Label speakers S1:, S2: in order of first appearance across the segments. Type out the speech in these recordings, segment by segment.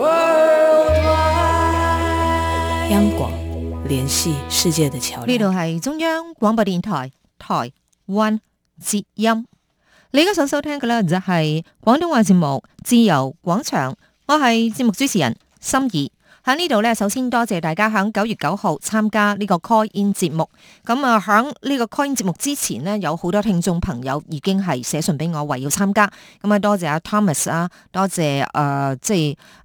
S1: World 央廣聯
S2: 繫世界的橋，呢度係中央廣播電台台灣之音，你而家所收聽嘅呢，就係廣東話節目《自由廣場》，我係節目主持人心怡。喺呢度咧，首先多謝大家喺九月九號參加呢個 call in 節目。咁啊，喺呢個 call in 節目之前呢，有好多聽眾朋友已經係寫信俾我，話要參加。咁啊，多謝阿 Thomas 啊，多謝誒、呃，即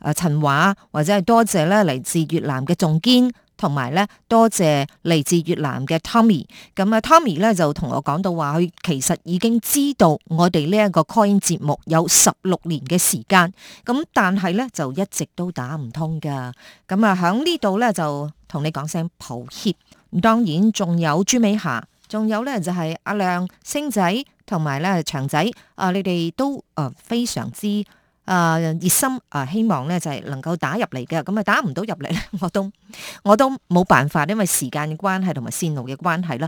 S2: 係誒陳華，或者係多謝咧嚟自越南嘅仲堅。同埋咧，多謝嚟自越南嘅，啊、Tommy，咁啊 Tommy 咧就同我講到話，佢其實已經知道我哋呢一個 call-in 節目有十六年嘅時間，咁但係咧就一直都打唔通噶，咁啊喺呢度咧就同你講聲抱歉，當然仲有朱美霞，仲有咧就係、是、阿亮星仔，同埋咧祥仔，啊你哋都啊、呃、非常之。誒、呃、熱心啊、呃，希望咧就係、是、能夠打入嚟嘅，咁啊打唔到入嚟咧，我都我都冇辦法，因為時間嘅關係同埋線路嘅關係啦。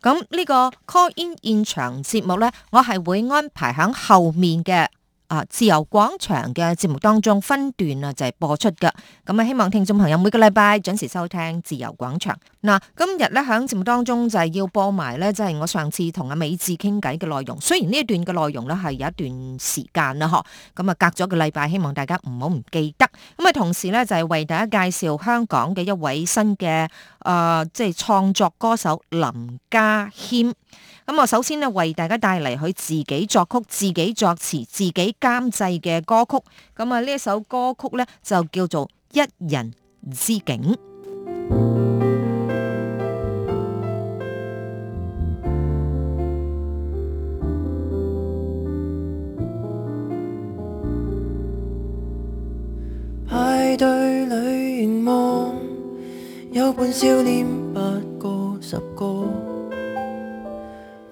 S2: 咁、嗯、呢、這個 call in 現場節目咧，我係會安排喺後面嘅。啊！自由廣場嘅節目當中分段啊，就係播出㗎。咁啊，希望聽眾朋友每個禮拜準時收聽自由廣場。嗱，今日咧喺節目當中就係要播埋咧，即係我上次同阿美智傾偈嘅內容。雖然呢一段嘅內容咧係有一段時間喇，呵，咁啊隔咗個禮拜，希望大家唔好唔記得。咁啊，同時咧就係為大家介紹香港嘅一位新嘅啊，即係創作歌手林家謙。咁我首先呢，為大家帶嚟佢自己作曲、自己作詞、自己監製嘅歌曲。咁啊，呢一首歌曲呢就叫做《一人之境》。
S3: 派對裏凝望，有半笑臉，八個、十個。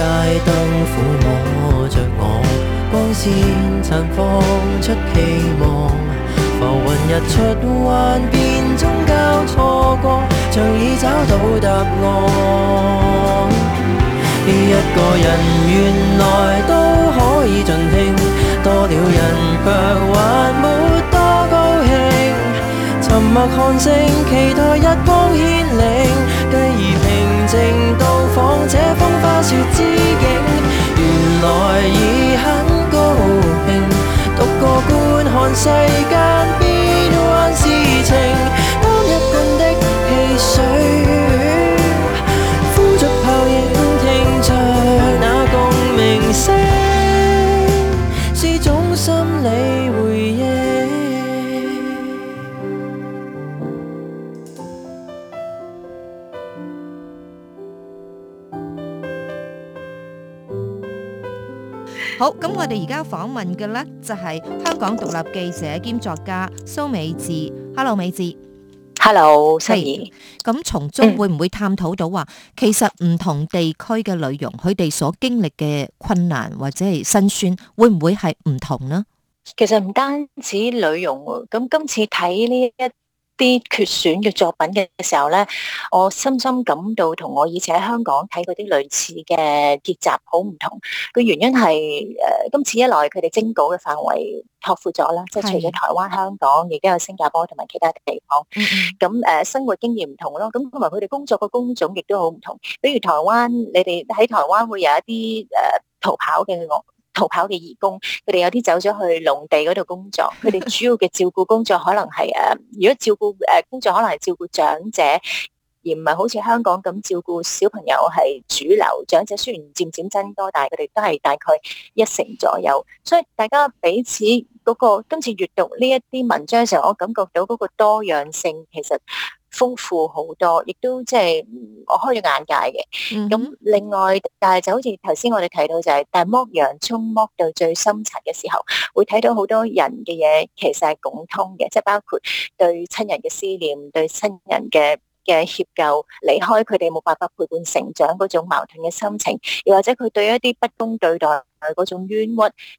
S3: 街燈撫摸着我，光線綻放出希望。浮雲日出幻變中交錯過，像已找到答案。一個人原來都可以盡興，多了人卻還沒多高興。沉默看星，期待日光牽領，繼而平靜。處之景，原來已很高興，獨個觀看世間。
S2: 好，咁我哋而家訪問嘅呢，就係香港獨立記者兼作家蘇美智。Hello，美智。Hello，西儀。咁從、hey, 中、嗯、會唔會探討到話，其實唔同地區嘅女傭，佢哋所經歷嘅困難或者係辛酸，會唔會係唔同呢？
S1: 其實唔單止女傭，咁今次睇呢一。啲決選嘅作品嘅時候咧，我深深感到同我以前喺香港睇嗰啲類似嘅結集好唔同。個原因係誒、呃、今次一來佢哋徵稿嘅範圍拓闊咗啦，是即係除咗台灣、香港，亦都有新加坡同埋其他地方。咁誒、嗯嗯呃、生活經驗唔同咯，咁同埋佢哋工作嘅工種亦都好唔同。比如台灣，你哋喺台灣會有一啲誒、呃、逃跑嘅樂。逃跑嘅義工，佢哋有啲走咗去農地嗰度工作，佢哋主要嘅照顧工作可能係誒、呃，如果照顧誒、呃、工作可能係照顧長者，而唔係好似香港咁照顧小朋友係主流。長者雖然漸漸增多，但係佢哋都係大概一成左右。所以大家彼此嗰、嗰個今次閱讀呢一啲文章嘅時候，我感覺到嗰個多樣性其實，豐富好多，亦都即係我開咗眼界嘅。咁、嗯、另外，但係就好似頭先我哋睇到就係，但剝洋葱剝到最深層嘅時候，會睇到好多人嘅嘢其實係共通嘅，即係包括對親人嘅思念，對親人嘅嘅歉疚，離開佢哋冇辦法陪伴成長嗰種矛盾嘅心情，又或者佢對一啲不公對待嗰種冤屈，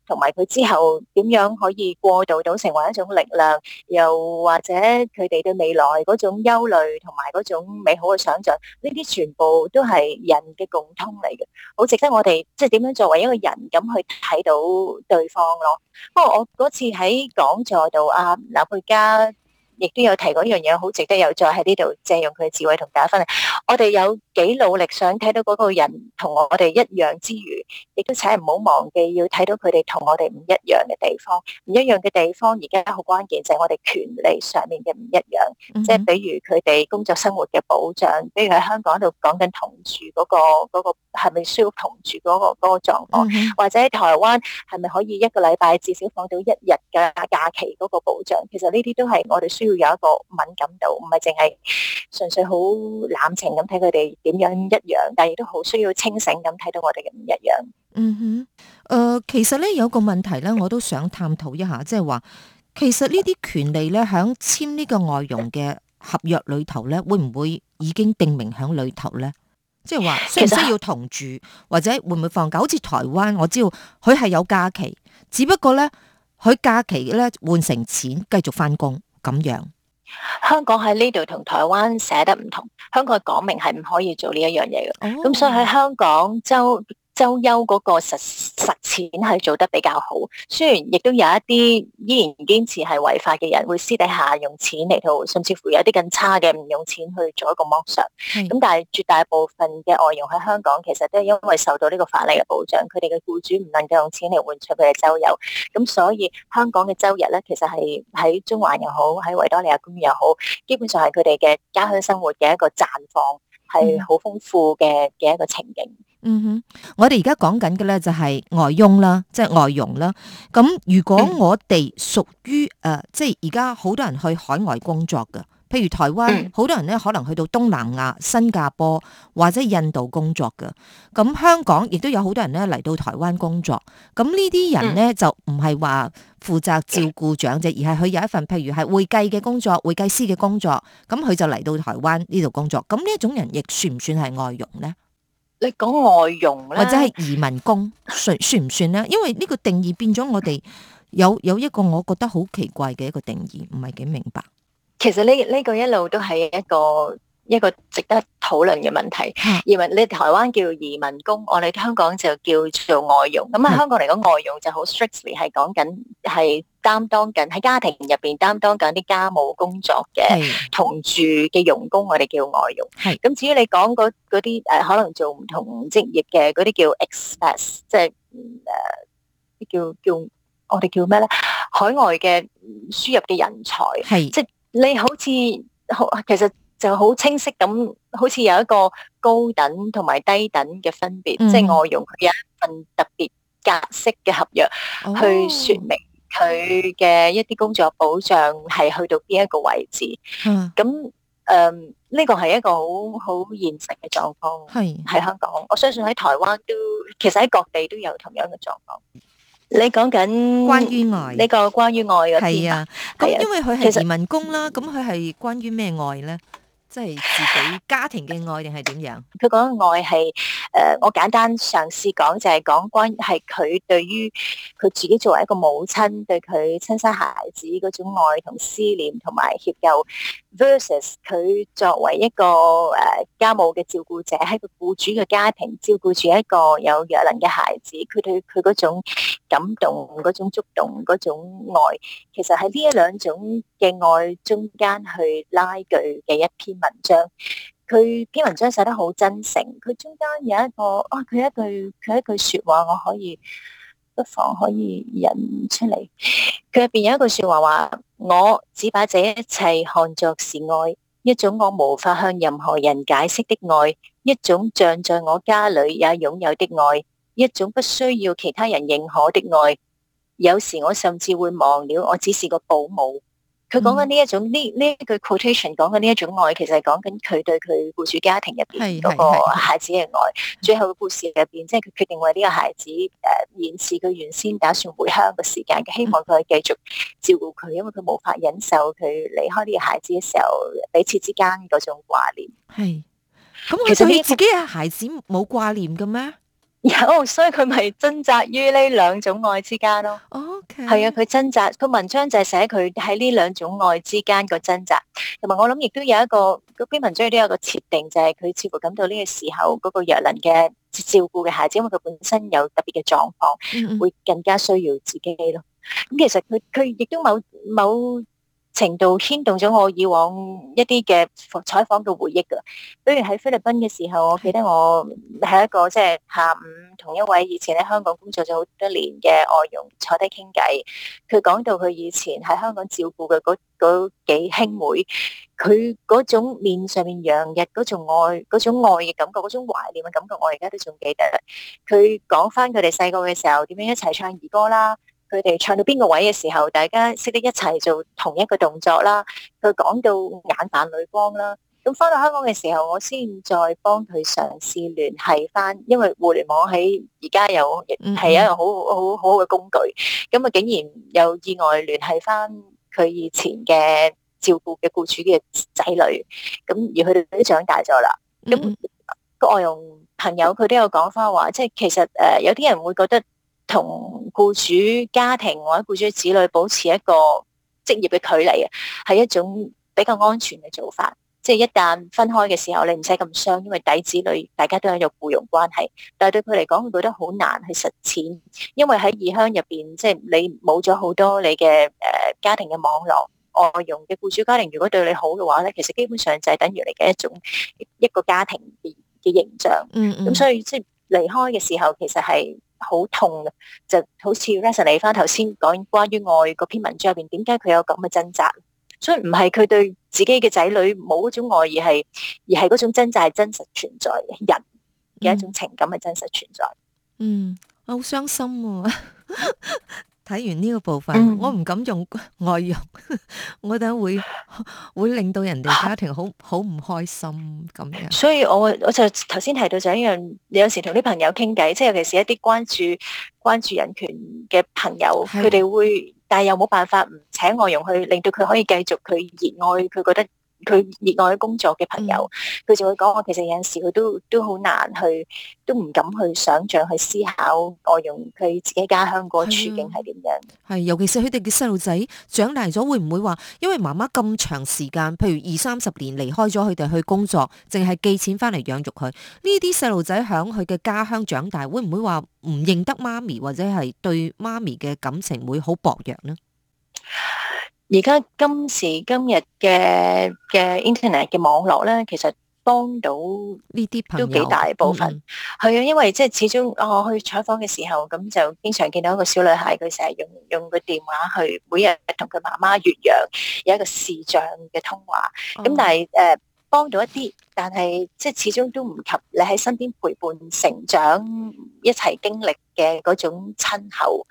S1: 同埋佢之後點樣可以過渡到成為一種力量，又或者佢哋對未來嗰種憂慮同埋嗰種美好嘅想像，呢啲全部都係人嘅共通嚟嘅，好值得我哋即係點樣作為一個人咁去睇到對方咯。不過我嗰次喺講座度啊，劉佩嘉。亦都有提過呢樣嘢，好值得有再喺呢度借用佢智慧同大家分享。我哋有。幾努力想睇到嗰個人同我哋一樣之餘，亦都請唔好忘記要睇到佢哋同我哋唔一樣嘅地方，唔一樣嘅地方而家好關鍵就係我哋權利上面嘅唔一樣，嗯、哼即係比如佢哋工作生活嘅保障，比如喺香港度講緊同住嗰個嗰個係咪需要同住嗰個嗰個狀況，嗯、哼或者喺台灣係咪可以一個禮拜至少放到一日嘅假期嗰個保障，其實呢啲都係我哋需要有一個敏感度，唔係淨係純粹好濫情咁睇佢哋。點樣一樣，但亦都好需要清醒咁睇到我哋嘅唔一樣。
S2: 嗯哼，誒、呃，其實咧有個問題咧，我都想探討一下，即係話，其實呢啲權利咧，響簽呢個外傭嘅合約裏頭咧，會唔會已經定名響裏頭咧？即係話，需唔需要同住，或者會唔會放假？好似其實……台灣，我知道佢係有假期，只不過咧佢假期咧換成錢繼續翻工咁樣。
S1: 香港喺呢度同台灣寫得唔同，香港講明係唔可以做呢一樣嘢嘅，咁、oh. 所以喺香港就。周休嗰個實實踐係做得比較好，雖然亦都有一啲依然堅持係違法嘅人，會私底下用錢嚟到，甚至乎有啲更差嘅唔用錢去做一個剝削。咁、嗯、但係絕大部分嘅外傭喺香港，其實都係因為受到呢個法例嘅保障，佢哋嘅雇主唔能夠用錢嚟換取佢哋嘅週休。咁所以香港嘅周日咧，其實係喺中環又好，喺維多利亞公園又好，基本上係佢哋嘅家鄉生活嘅一個綻放，係好豐富嘅嘅一個情景。嗯。
S2: 嗯哼，我哋而家講緊嘅咧就係外傭啦，即係外傭啦。咁如果我哋屬於誒、嗯呃，即係而家好多人去海外工作嘅，譬如台灣，好、嗯、多人咧可能去到東南亞、新加坡或者印度工作嘅。咁香港亦都有好多人咧嚟到台灣工作。咁呢啲人咧就唔係話負責照顧長者，而係佢有一份譬如係會計嘅工作、會計師嘅工作。咁佢就嚟到台灣呢度工作。咁呢一種人亦算唔算係外傭咧？你講外傭咧，或者係移民工，算算唔算咧？因為呢個定義變咗，我哋有有一個我覺得好奇怪嘅一個定義，唔係幾明白。
S1: 其實呢呢個一路都係一個一個值得討論嘅問題，移民你台灣叫移民工，我哋香港就叫做外佣。咁喺香港嚟講，外佣就好 strictly 係講緊係擔當緊喺家庭入邊擔當緊啲家務工作嘅同住嘅佣工，我哋叫外佣。係咁至於你講嗰嗰啲誒，可能做唔同職業嘅嗰啲叫 express，即係誒，叫叫我哋叫咩咧？海外嘅輸入嘅人才，係即係你好似好其實。就好清晰咁，好似有一個高等同埋低等嘅分別，即係外傭佢有一份特別格式嘅合約，去説明佢嘅一啲工作保障係去到邊一個位置。咁誒，呢個係一個好好現實嘅狀況，係喺香港。我相信喺台灣都，其實喺各地都有同樣嘅狀況。
S2: 你講緊關於愛呢
S1: 個關於愛嘅事啊？
S2: 咁因為佢係移民工啦，咁佢係關於咩愛咧？即係自己家庭嘅愛定係點樣？
S1: 佢講嘅愛係誒，我簡單嘗試講就係講關係，佢對於佢自己作為一個母親，對佢親生孩子嗰種愛同思念同埋歉疚。versus 佢作為一個誒家務嘅照顧者，喺個僱主嘅家庭照顧住一個有弱能嘅孩子，佢對佢嗰種感動、嗰種觸動、嗰種愛，其實喺呢一兩種嘅愛中間去拉鋸嘅一篇文章，佢篇文章寫得好真誠，佢中間有一個啊，佢、哦、一句佢一句說話，我可以不妨可以引出嚟，佢入邊有一句話說話話。我只把這一切看作是愛，一種我無法向任何人解釋的愛，一種像在我家裏也擁有的愛，一種不需要其他人認可的愛。有時我甚至會忘了，我只是個保姆。佢講緊呢一種呢，呢一句 quotation 講緊呢一種愛，其實係講緊佢對佢雇主家庭入邊嗰個孩子嘅愛。最後嘅故事入邊，即係佢決定為呢個孩子，誒，延遲佢原先打算回鄉嘅時間，嘅希望佢繼續照顧佢，因為佢無法忍受佢離開呢個孩子嘅時候彼此之間嗰種掛念。
S2: 係，
S1: 咁其實你自己嘅孩子冇掛念嘅咩？有，所以佢咪掙扎於呢兩種愛之間咯。OK，係啊，佢掙扎，個文章就係寫佢喺呢兩種愛之間個掙扎。同埋我諗，亦都有一個有一個篇文章亦都有個設定，就係、是、佢似乎感到呢個時候，嗰、那個若能嘅照顧嘅孩子，因為佢本身有特別嘅狀況，mm hmm. 會更加需要自己咯。咁、嗯、其實佢佢亦都冇。某。程度牽動咗我以往一啲嘅採訪嘅回憶㗎，比如喺菲律賓嘅時候，我記得我係一個即係、就是、下午同一位以前喺香港工作咗好多年嘅外傭坐低傾偈，佢講到佢以前喺香港照顧嘅嗰幾兄妹，佢嗰種面上面洋溢嗰種愛嗰種愛嘅感覺，嗰種懷念嘅感覺，我而家都仲記得。佢講翻佢哋細個嘅時候點樣一齊唱兒歌啦。佢哋唱到邊個位嘅時候，大家識得一齊做同一個動作啦。佢講到眼泛淚光啦。咁翻到香港嘅時候，我先再幫佢嘗試聯繫翻，因為互聯網喺而家有係一個好好好好嘅工具。咁啊，竟然有意外聯繫翻佢以前嘅照顧嘅僱主嘅仔女。咁而佢哋都長大咗啦。咁個外傭朋友，佢都有講翻話說，即係其實誒、呃、有啲人會覺得。同僱主家庭或者僱主子女保持一個職業嘅距離啊，係一種比較安全嘅做法。即係一旦分開嘅時候，你唔使咁傷，因為底子女大家都係有僱傭關係。但係對佢嚟講，佢覺得好難去實踐，因為喺異鄉入邊，即係你冇咗好多你嘅誒家庭嘅網絡，外傭嘅僱主家庭，如果對你好嘅話咧，其實基本上就係等於你嘅一種一個家庭嘅形象。嗯，嗯。咁所以即係離開嘅時候，其實係。好痛嘅，就好似 reasonly 返頭先講關於愛嗰篇文章入邊，點解佢有咁嘅掙扎？所以唔係佢對自己嘅仔女冇嗰種愛，而係而係嗰種掙扎係真實存在嘅人嘅一種情感係真實存在
S2: 嗯。嗯，我好傷心啊。 睇完呢個部分，嗯、我唔敢用外傭， 我覺得會會令到人哋家，家庭好好唔開心咁樣，樣。
S1: 所以，我我就頭先提到就一樣，你有時同啲朋友傾偈，即係尤其是一啲關注關注人權嘅朋友，佢哋的會，但係又冇辦法唔請外傭去，令到佢可以繼續佢熱愛，佢覺得。佢熱愛工作嘅朋友，佢就會講：我其實有陣時佢都都好難去，都唔敢去想象去思考，我用佢自己家鄉嗰個處境係點樣。
S2: 係，尤其是佢哋嘅細路仔長大咗，會唔會話因為媽媽咁長時間，譬如二三十年離開咗佢哋去工作，淨係寄錢翻嚟養育佢？呢啲細路仔響佢嘅家鄉長大，會唔會話唔認得媽咪，或者係對媽咪嘅感情會好薄弱呢？
S1: 而家今時今日嘅嘅 Internet 嘅網絡咧，其實幫到呢啲都幾大部分。係啊，嗯、因為即係始終我、哦、去採訪嘅時候，咁就經常見到一個小女孩，佢成日用用個電話去每日同佢媽媽越洋有一個視像嘅通話。咁、嗯、但係誒，幫、呃、到一啲，但係即係始終都唔及你喺身邊陪伴成長、一齊經歷嘅嗰種親口。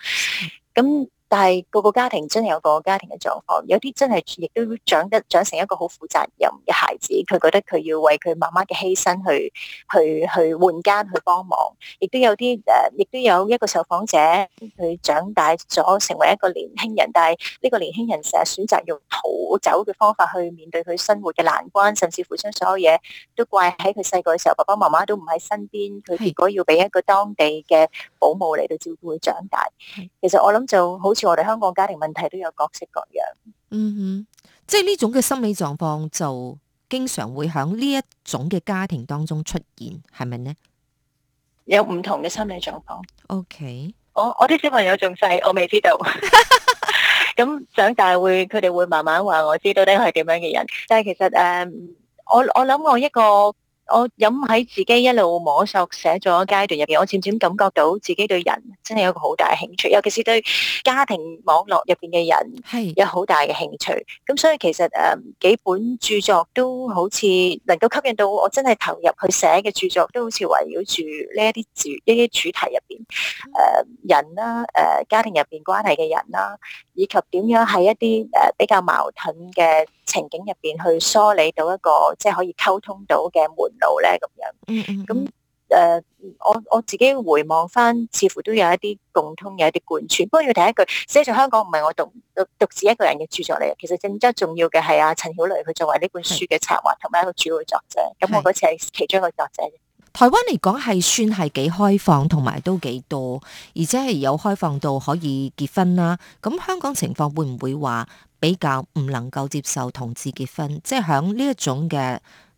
S1: 咁。嗯但係個個家庭真係有個家庭嘅狀況，有啲真係亦都長得長成一個好負責任嘅孩子，佢覺得佢要為佢媽媽嘅犧牲去去去換間去幫忙，亦都有啲誒，亦、呃、都有一個受訪者佢長大咗成為一個年輕人，但係呢個年輕人成日選擇用逃走嘅方法去面對佢生活嘅難關，甚至乎將所有嘢都怪喺佢細個嘅時候，爸爸媽媽都唔喺身邊，佢結果要俾一個當地嘅保姆嚟到照顧佢長大。其實我諗就好。似我哋香港家庭問題都有各式各樣，
S2: 嗯哼，即係呢種嘅心理狀況就經常會響呢一種嘅家庭當中出現，係咪呢？
S1: 有唔同嘅心理狀況。OK，我我啲小朋友仲細，我未知道，咁長大會佢哋會慢慢話我知道呢個係點樣嘅人，但係其實誒、um，我我諗我一個。我諗喺自己一路摸索寫作階段入邊，我漸漸感覺到自己對人真係有個好大嘅興趣，尤其是對家庭網絡入邊嘅人，係有好大嘅興趣。咁是所以其實誒、呃、幾本著作都好似能夠吸引到我，真係投入去寫嘅著作都好似圍繞住呢一啲主呢啲主題入邊，誒、呃、人啦，誒、呃、家庭入邊關係嘅人啦，以及點樣喺一啲誒、呃、比較矛盾嘅情景入邊去梳理到一個即係可以溝通到嘅門。路咧，咁樣，咁誒、嗯嗯呃，我我自己回望翻，似乎都有一啲共通嘅一啲貫穿。不過要提一句，寫在香港唔係我獨獨自一個人嘅著作嚟，其實更加重要嘅係阿陳曉蕾佢作為呢本書嘅策劃同埋一個主要作者。咁是我嗰次係其中一個作者。
S2: 台灣嚟講係算係幾開放，同埋都幾多，而且係有開放到可以結婚啦。咁香港情況會唔會話比較唔能夠接受同志結婚？即係響呢一種嘅。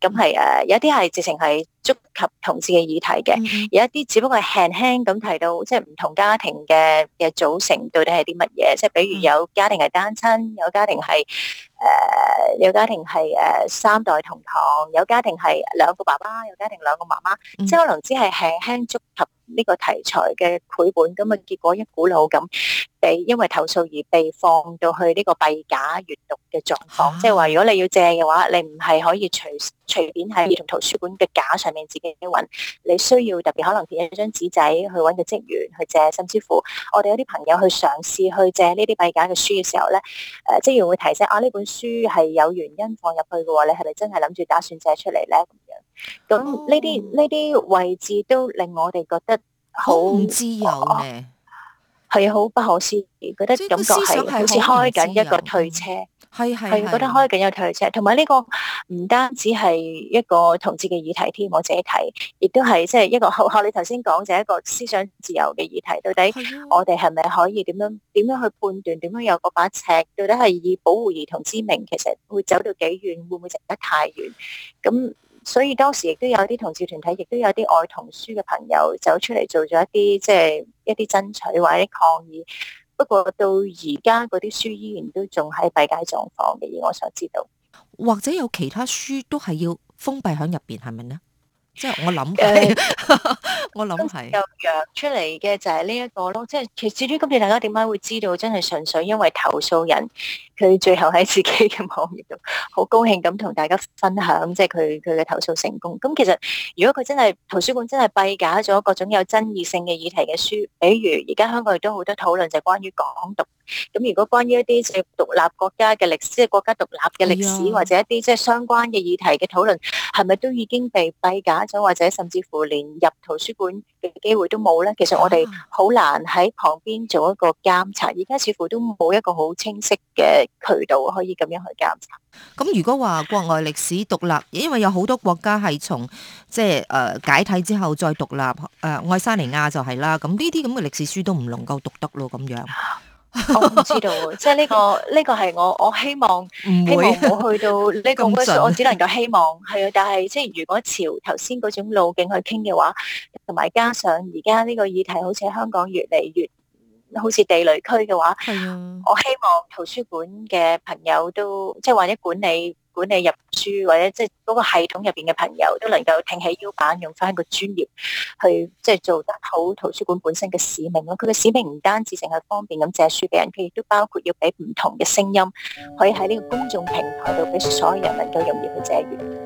S1: 咁係誒，有啲係直情係觸及同志嘅議題嘅，有一啲，嗯、哼只不過輕輕咁提到，嗯、即係唔同家庭嘅嘅組成到底係啲乜嘢，即係比如有家庭係單親，有家庭係。誒，有家庭係誒三代同堂，有家庭係兩個爸爸，有家庭兩個媽媽，即係、嗯、可能只係輕輕觸及呢個題材嘅繪本，咁啊結果一股腦咁，被因為投訴而被放到去呢個閉架閱讀嘅狀況，即係話如果你要借嘅話，你唔係可以隨隨便喺兒童圖書館嘅架上面自己揾，你需要特別可能貼一張紙仔去揾個職員去借，甚至乎我哋有啲朋友去嘗試去借呢啲閉架嘅書嘅時候咧，誒職員會提醒啊呢本書。書係有原因放入去嘅話，你係咪真係諗住打算借出嚟咧？咁樣咁呢啲呢啲位置都令我哋覺得好唔自由咧，係好、嗯啊、不可思議，覺得以感覺係好似開緊一個退車。係係，佢覺得可以咁有推力尺，同埋呢個唔單止係一個同志嘅議題添。我自己睇，亦都係即係一個學學你頭先講，就係一個思想自由嘅議題。到底是的 我哋係咪可以點樣點樣去判斷？點樣有嗰把尺？到底係以保護兒童之名，其實會走到幾遠？會唔會值得太遠？咁所以當時亦都有啲同志團體，亦都有啲愛童書嘅朋友走出嚟做咗一啲即係一啲爭取或者抗議。不過到而家嗰啲書依然都仲喺閉街狀況嘅嘢，我想知道，
S2: 或者有其他書都係要封閉喺入邊，係咪呢？即係我諗，
S1: 我諗係是又揚出嚟嘅就係呢一個咯。即係其至於今次大家點解會知道，真係純粹因為投訴人佢最後喺自己嘅網頁度好高興咁同大家分享，即係佢佢嘅投訴成功。咁、嗯、其實如果佢真係圖書館真係閉架咗各種有爭議性嘅議題嘅書，比如而家香港亦都好多討論就係關於港獨。咁如果關於一啲即係獨立國家嘅歷史、國家獨立嘅歷史，是啊、或者一啲即係相關嘅議題嘅討論，係咪都已經被閉架咗，或者甚至乎連入圖書館嘅機會都冇呢？其實我哋好難喺旁邊做一個監察，而家、啊、似乎都冇一個好清晰嘅渠道可以咁樣去監察。咁如果
S2: 話國外歷史獨立，因為有好多國家係從即係誒解體之後再獨立，誒、呃、愛沙尼亞就係啦。咁呢啲咁嘅歷史書都唔能夠讀得咯，咁樣。
S1: 我唔知道，即係呢個、呢個係我我希望，會希望我去到呢個， 么准 我只能夠希望係啊。但係即係如果朝頭先嗰種路徑去傾嘅話，同埋加上而家呢個議題好似香港越嚟越好似地雷區嘅話， 我希望圖書館嘅朋友都即係或者管理。管理入書或者即係嗰個系統入邊嘅朋友，都能夠挺起腰板，用翻個專業去即係做得好圖書館本身嘅使命咯。佢嘅使命唔單止淨係方便咁借書俾人，佢亦都包括要俾唔同嘅聲音，可以喺呢個公眾平台度俾所有人能夠容易去借閱。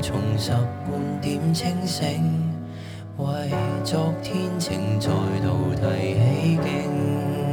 S3: 重拾半點清醒，為昨天情再度提起勁。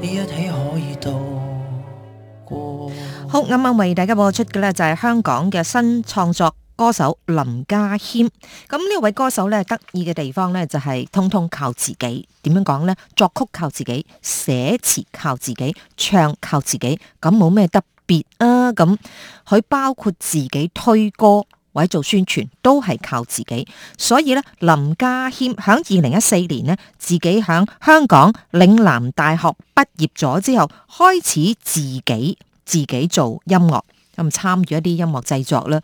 S3: 呢一起可以度
S2: 過。好，啱啱為大家播出嘅呢，就係香港嘅新創作歌手林家謙。咁呢位歌手呢，得意嘅地方呢，就係通通靠自己。點樣講呢？作曲靠自己，寫詞靠自己，唱靠自己。咁冇咩特別啊？咁佢包括自己推歌。或者做宣傳都係靠自己，所以咧，林家謙響二零一四年呢，自己響香港嶺南大學畢業咗之後，開始自己自己做音樂，咁參與一啲音樂製作啦。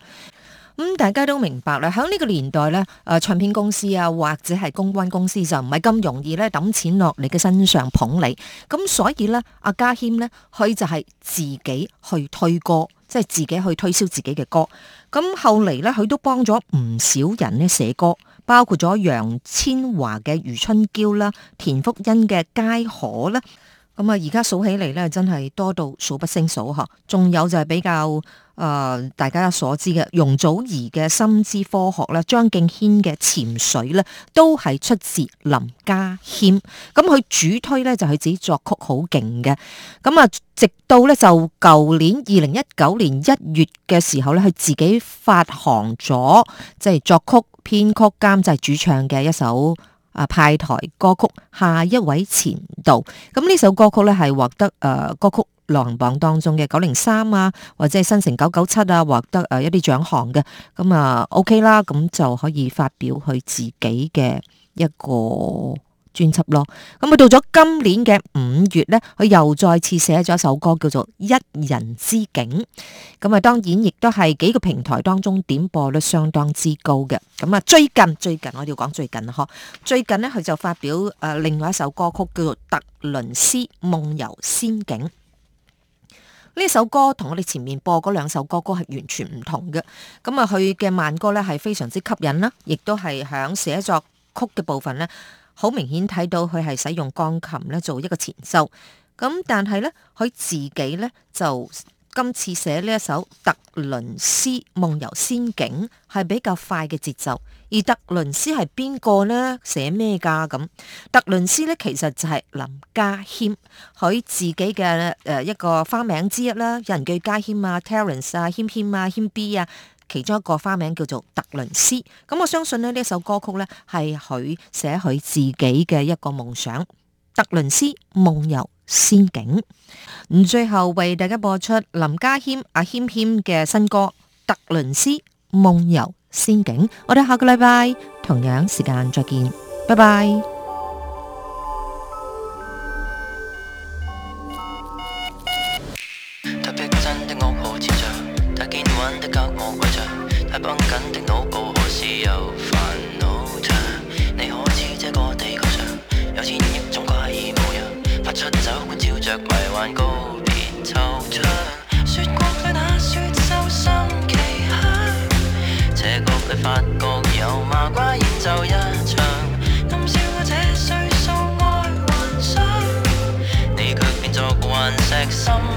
S2: 咁大家都明白咧，喺呢個年代咧，誒唱片公司啊，或者係公關公司就唔係咁容易咧抌錢落你嘅身上捧你。咁所以咧，阿家謙呢，佢就係自己去推歌，即係自己去推銷自己嘅歌。咁後嚟咧，佢都幫咗唔少人咧寫歌，包括咗楊千嬅嘅《余春嬌》啦、田馥甄嘅《佳可》啦。咁啊，而家數起嚟咧，真係多到數不勝數呵。仲有就係比較。誒、呃、大家所知嘅容祖兒嘅《心之科學》咧，張敬軒嘅《潛水》咧，都係出自林家謙。咁佢主推呢就係、是、自己作曲好勁嘅。咁啊，直到呢就舊年二零一九年一月嘅時候呢，佢自己發行咗即係作曲、編曲、監製主唱嘅一首啊、呃、派台歌曲《下一位前度》。咁呢首歌曲呢，係獲得誒歌曲排行榜當中嘅九零三啊，或者係新城九九七啊，獲得誒一啲獎項嘅咁啊，O K 啦，咁就可以發表佢自己嘅一個專輯咯。咁、嗯、啊，到咗今年嘅五月呢，佢又再次寫咗一首歌叫做《一人之境》。咁、嗯、啊，當然亦都係幾個平台當中點播率相當之高嘅。咁、嗯、啊，最近最近我哋要講最近啊，最近呢，佢就發表誒另外一首歌曲叫做《特倫斯夢遊仙境》。呢首歌同我哋前面播嗰兩首歌歌係完全唔同嘅，咁啊佢嘅慢歌咧係非常之吸引啦，亦都係響寫作曲嘅部分咧，好明顯睇到佢係使用鋼琴咧做一個前奏，咁但係咧佢自己咧就。今次寫呢一首《特倫斯夢遊仙境》係比較快嘅節奏，而特倫斯係邊個呢？寫咩噶咁？特倫斯呢其實就係林家謙，佢自己嘅誒一個花名之一啦，有人叫家謙啊，Terence 啊，謙謙啊，謙 B 啊，其中一個花名叫做特倫斯。咁我相信咧呢首歌曲呢，係佢寫佢自己嘅一個夢想，《特倫斯夢遊》。仙境，最後為大家播出林家謙阿謙謙嘅新歌《特倫斯夢遊仙境》，我哋下個禮拜同樣時間再見，拜拜。
S3: 還告別惆悵，説過對那雪獸心奇想，斜角卻發覺有麻瓜演奏一場，暗、 嗯、笑我這歲數愛幻想，你 卻變作頑石心。